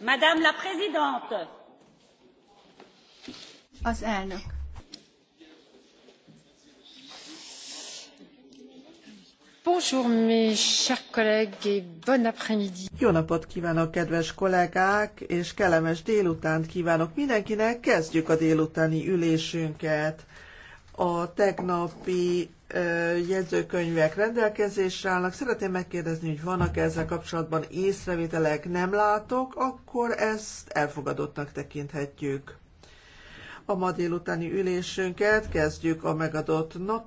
Madame la Présidente! Az elnök. Bonjour mes chers collègues et bon après-midi. Jó napot kívánok, kedves kollégák, és kellemes délutánt kívánok mindenkinek. Kezdjük a délutáni ülésünket a tegnapi jegyzőkönyvek rendelkezésre állnak. Szeretném megkérdezni, hogy vannak -e ezzel kapcsolatban észrevételek, nem látok, akkor ezt elfogadottnak tekinthetjük. A ma délutáni ülésünket kezdjük a megadott nap